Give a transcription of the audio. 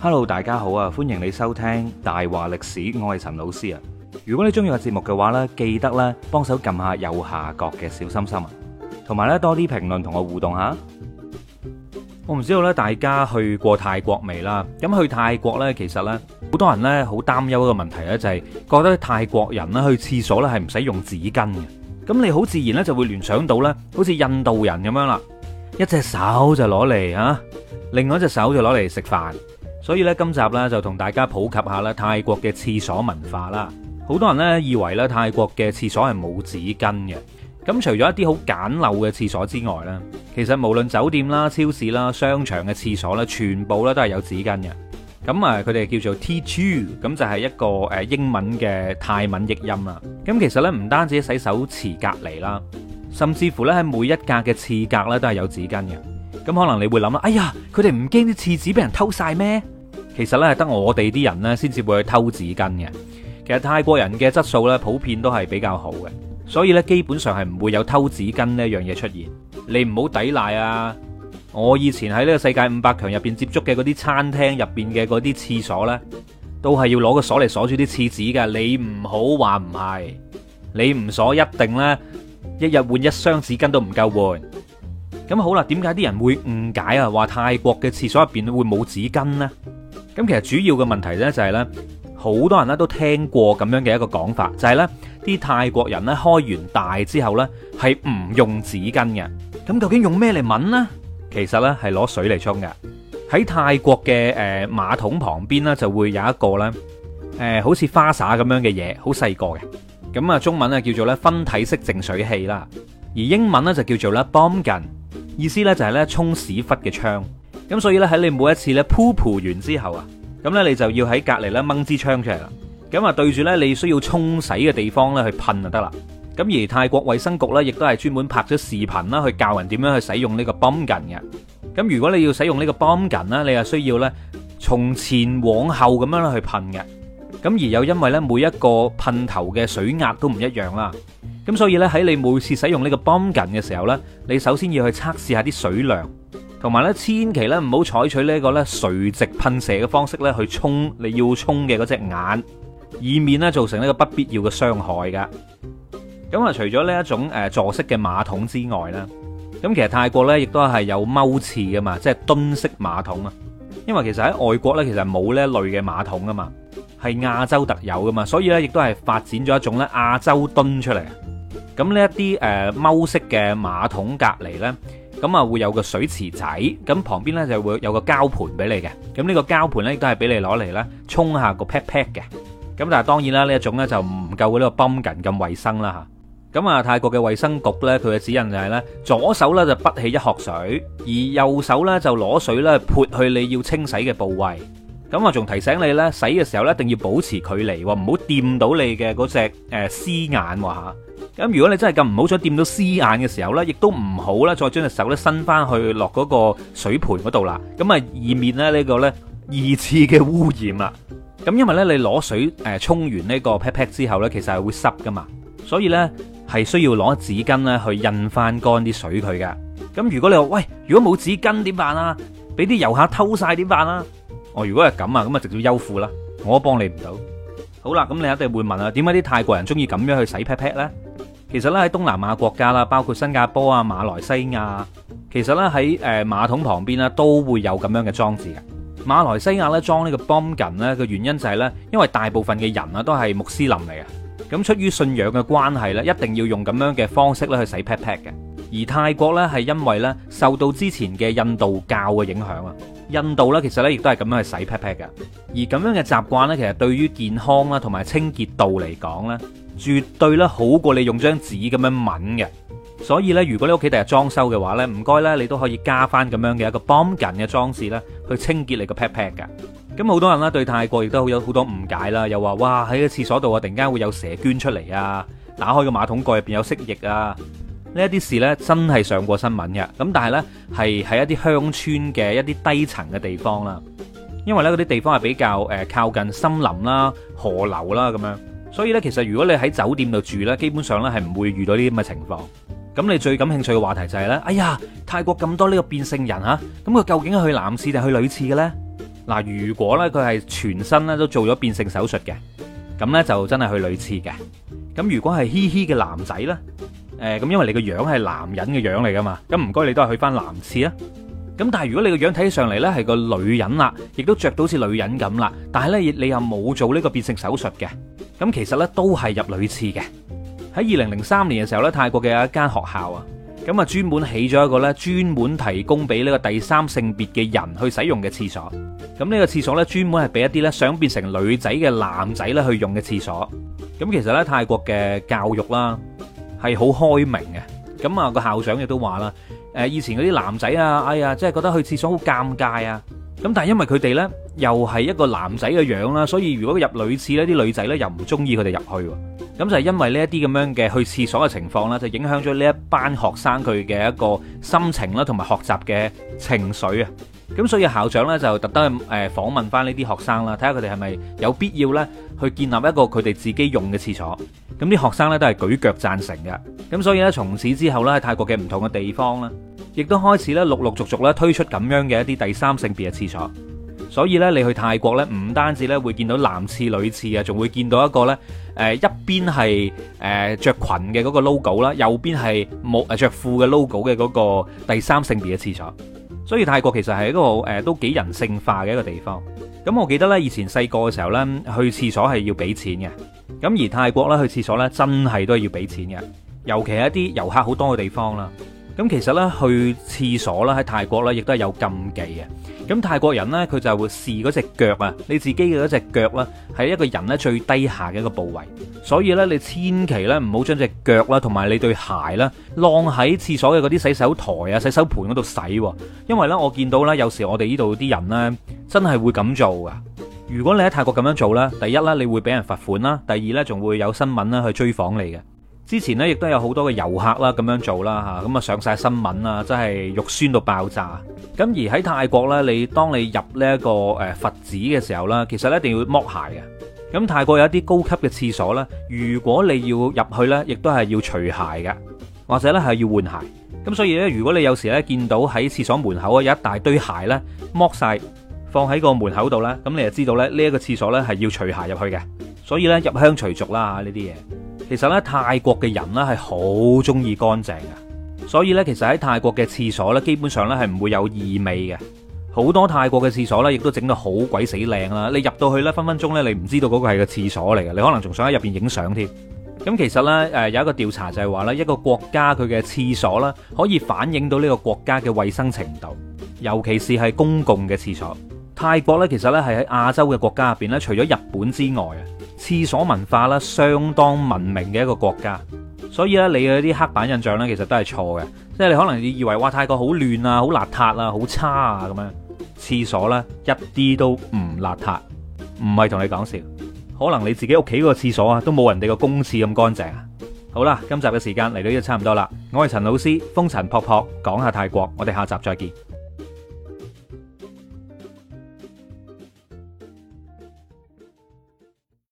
Hello，大家好啊！歡迎你收聽大話歷史，我係陳老師啊。如果你中意個節目嘅話呢，記得咧幫手撳下右下角嘅小心心啊，同埋呢多啲評論同我互動下。我唔知道呢大家去過泰國未啦？咁去泰國呢，其實呢好多人呢好擔憂一個問題咧，就係覺得泰國人咧去廁所呢係唔使用紙巾嘅。咁你好自然呢就會聯想到呢好似印度人咁樣啦，一隻手就攞嚟，啊，另外一隻手就攞嚟食飯。所以咧，今集咧就同大家普及下咧泰國嘅廁所文化啦。好多人呢以為呢泰國嘅廁所係冇紙巾嘅。咁除咗一啲好簡陋嘅廁所之外呢，其實無論酒店啦、超市啦、商場嘅廁所呢，全部呢都係有紙巾嘅。咁啊，佢哋叫做 tissue，咁就係一個誒英文嘅泰文譯音啦。咁其實呢，唔單止洗手池隔離啦，甚至乎呢喺每一格嘅廁格呢，都係有紙巾嘅。咁可能你會諗啦，哎呀，佢哋唔驚啲廁紙俾人偷晒咩？其實呢，係得我哋啲人呢先至會去偷紙巾嘅。其實泰國人嘅質素呢，普遍都係比較好嘅，所以呢，基本上係唔會有偷紙巾呢樣嘢出現。你唔好抵賴啊！我以前喺呢個世界五百強入邊接觸嘅嗰啲餐廳入邊嘅嗰啲廁所呢，都係要攞個鎖嚟鎖住啲廁紙嘅。你唔好話唔係，你唔鎖一定呢，一日換一箱紙巾都唔夠換。咁好啦，點解啲人會誤解啊？話泰國嘅廁所入邊會冇紙巾呢？咁其實主要嘅問題呢，就係，就係呢好多人呢都聽過咁樣嘅一個講法，就係呢啲泰國人呢開完大之後呢係唔用紙巾嘅。咁究竟用咩嚟敏呢？其實呢係攞水嚟沖嘅。喺泰國嘅誒馬桶旁邊呢，就會有一個呢誒好似花灑咁樣嘅嘢，好細個嘅。咁啊中文呢叫做呢分體式淨水器啦，而英文呢就叫做呢 bum gun。意思咧就係咧沖屎忽嘅槍，咁所以咧，喺你每一次咧鋪塗完之後啊，咁咧你就要喺隔離咧掹支槍出嚟啦，咁啊對住咧你需要沖洗嘅地方咧去噴就得啦。咁而泰國衞生局咧亦都係專門拍咗視頻啦，去教人點樣去使用呢個 bum gun 嘅。咁如果你要使用呢個 bum gun 咧，你係需要咧從前往後咁樣去噴嘅。咁而又因為咧，每一個噴頭嘅水壓都唔一樣啦。咁所以咧，喺你每次使用呢個幫緊嘅時候咧，你首先要去測試下啲水量，同埋咧千祈咧唔好採取呢一個咧垂直噴射嘅方式咧去沖你要沖嘅嗰隻眼，以免咧造成呢個不必要嘅傷害㗎。咁啊，除咗呢一種誒坐式嘅馬桶之外咧，咁其實泰國咧亦都係有踎廁㗎嘛，即係蹲式馬桶啊。因為其實喺外國咧，其實冇呢類嘅馬桶㗎嘛。係亞洲特有㗎嘛，所以咧亦都係發展咗一種咧亞洲蹲出嚟。咁呢一啲誒踎式嘅馬桶隔離咧，咁啊會有個水池仔，咁旁邊咧就會有個膠盤俾你嘅。咁呢個膠盤咧亦都係俾你攞嚟咧沖下個 pat pat 嘅。咁但係當然啦，呢一種咧就唔夠呢個 bum gun 咁衞生啦嚇。咁啊，泰國嘅衞生局咧，佢嘅指引就係咧，左手咧就筆起一殼水，而右手咧就攞水咧潑去你要清洗嘅部位。咁我仲提醒你咧，洗嘅時候咧，一定要保持距離，唔好掂到你嘅嗰隻誒屎眼吓。咁如果你真係咁唔好彩掂到屎眼嘅時候咧，亦都唔好啦，再將隻手咧伸翻去落嗰個水盆嗰度啦。咁啊，以免咧呢個咧二次嘅污染啦。咁因為咧你攞水誒沖、呃、完呢個 pat pat 之後咧，其實係會濕噶嘛，所以咧係需要攞紙巾咧去印翻乾啲水佢噶。咁如果你話喂，如果冇紙巾點辦啊？俾啲遊客偷晒點辦啊？哦，如果係咁啊，咁啊直接休褲啦，我都幫你唔到。好啦，咁你一定會問啊，點解啲泰國人中意咁樣去洗 pat pat 咧？其實咧喺東南亞國家啦，包括新加坡啊、馬來西亞，其實咧喺誒馬桶旁邊啦都會有咁樣嘅裝置嘅。馬來西亞咧裝呢個 bum gun 咧嘅原因就係咧，因為大部分嘅人啊都係穆斯林嚟嘅，咁出於信仰嘅關係咧，一定要用咁樣嘅方式咧去洗 pat pat 嘅。而泰國咧係因為咧受到之前嘅印度教嘅影響啊，印度咧其實咧亦都係咁樣去洗 pat pat 嘅，而咁樣嘅習慣咧其實對於健康啦同埋清潔度嚟講咧，絕對咧好過你用張紙咁樣揾嘅。所以咧，如果你屋企第日裝修嘅話咧，唔該咧，你都可以加翻咁樣嘅一個 bum gun 嘅裝置咧，去清潔你個 pat pat 嘅。咁好多人咧對泰國亦都好有好多誤解啦，又話哇喺個廁所度啊，突然間會有蛇捐出嚟啊，打開個馬桶蓋入邊有蜥蜴啊。呢一啲事呢，真係上過新聞嘅，咁但係呢，係喺一啲鄉村嘅一啲低層嘅地方啦，因為呢，嗰啲地方係比較誒、呃、靠近森林啦、河流啦咁樣，所以呢，其實如果你喺酒店度住呢，基本上呢係唔會遇到呢啲咁嘅情況。咁你最感興趣嘅話題就係、是、呢：哎呀，泰國咁多呢個變性人嚇，咁、啊、佢究竟去男廁定去女廁嘅咧？嗱，如果呢，佢係全身咧都做咗變性手術嘅，咁呢，就真係去女廁嘅。咁如果係嘻嘻嘅男仔呢？誒，咁因為你個樣係男人嘅樣嚟噶嘛，咁唔該你都係去翻男廁啊。咁但係如果你個樣睇起上嚟咧，係個女人啦，亦都着到似女人咁啦，但係咧你又冇做呢個變性手術嘅，咁其實咧都係入女廁嘅。喺二零零三年嘅時候咧，泰國嘅有一間學校啊，咁啊專門起咗一個咧專門提供俾呢個第三性別嘅人去使用嘅廁所。咁呢個廁所咧專門係俾一啲咧想變成女仔嘅男仔咧去用嘅廁所。咁其實咧泰國嘅教育啦。係好開明嘅，咁啊個校長亦都話啦，誒以前嗰啲男仔啊，哎呀，即係覺得去廁所好尷尬啊，咁但係因為佢哋呢，又係一個男仔嘅樣啦，所以如果入女廁呢，啲女仔呢，又唔中意佢哋入去，咁就係因為呢一啲咁樣嘅去廁所嘅情況啦，就影響咗呢一班學生佢嘅一個心情啦，同埋學習嘅情緒啊。咁所以校長咧就特登誒訪問返呢啲學生啦，睇下佢哋係咪有必要咧去建立一個佢哋自己用嘅廁所。咁啲學生咧都係舉腳贊成嘅。咁所以咧，從此之後咧，喺泰國嘅唔同嘅地方咧，亦都開始咧陸陸續續咧推出咁樣嘅一啲第三性別嘅廁所。所以咧，你去泰國咧，唔單止咧會見到男廁女廁啊，仲會見到一個咧誒、呃、一邊係誒著裙嘅嗰個 logo 啦，右邊係冇誒著褲嘅 logo 嘅嗰個第三性別嘅廁所。所以泰國其實係一個誒、呃、都幾人性化嘅一個地方。咁我記得咧，以前細個嘅時候咧，去廁所係要俾錢嘅。咁而泰國咧，去廁所咧，真係都係要俾錢嘅。尤其係一啲遊客好多嘅地方啦。咁其實咧，去廁所啦，喺泰國咧，亦都係有禁忌嘅。咁泰國人呢，佢就會視嗰隻腳啊，你自己嘅嗰隻腳咧，係一個人咧最低下嘅一個部位，所以咧你千祈咧唔好將隻腳啦，同埋你對鞋啦晾喺廁所嘅嗰啲洗手台啊、洗手盆嗰度洗，因為呢，我見到呢，有時我哋呢度啲人呢真係會咁做噶。如果你喺泰國咁樣做咧，第一呢，你會俾人罰款啦，第二呢，仲會有新聞咧去追訪你嘅。之前咧，亦都有好多嘅遊客啦，咁樣做啦吓，咁啊上晒新聞啦，真係肉酸到爆炸。咁而喺泰國咧，你當你入呢一個誒佛寺嘅時候啦，其實一定要剝鞋嘅。咁泰國有一啲高級嘅廁所咧，如果你要入去咧，亦都係要除鞋嘅，或者咧係要換鞋。咁所以咧，如果你有時咧見到喺廁所門口啊有一大堆鞋咧剝晒放喺個門口度咧，咁你就知道咧呢一個廁所咧係要除鞋入去嘅。所以咧入鄉隨俗啦呢啲嘢。其實咧泰國嘅人咧係好中意乾淨㗎，所以咧其實喺泰國嘅廁所咧基本上咧係唔會有異味嘅。好多泰國嘅廁所咧亦都整到好鬼死靚啦，你入到去咧分分鐘咧你唔知道嗰個係個廁所嚟嘅，你可能仲想喺入邊影相添。咁其實咧誒有一個調查就係話咧一個國家佢嘅廁所咧可以反映到呢個國家嘅衛生程度，尤其是係公共嘅廁所。泰國咧其實咧係喺亞洲嘅國家入邊咧，除咗日本之外啊。廁所文化啦，相當文明嘅一個國家，所以咧，你嗰啲黑板印象咧，其實都係錯嘅。即係你可能以為哇，泰國好亂啊，好邋遢啊，好差啊咁樣。廁所呢一啲都唔邋遢，唔係同你講笑。可能你自己屋企嗰個廁所啊，都冇人哋個公廁咁乾淨啊。好啦，今集嘅時間嚟到呢度差唔多啦。我係陳老師，風塵僕僕，講下泰國，我哋下集再見。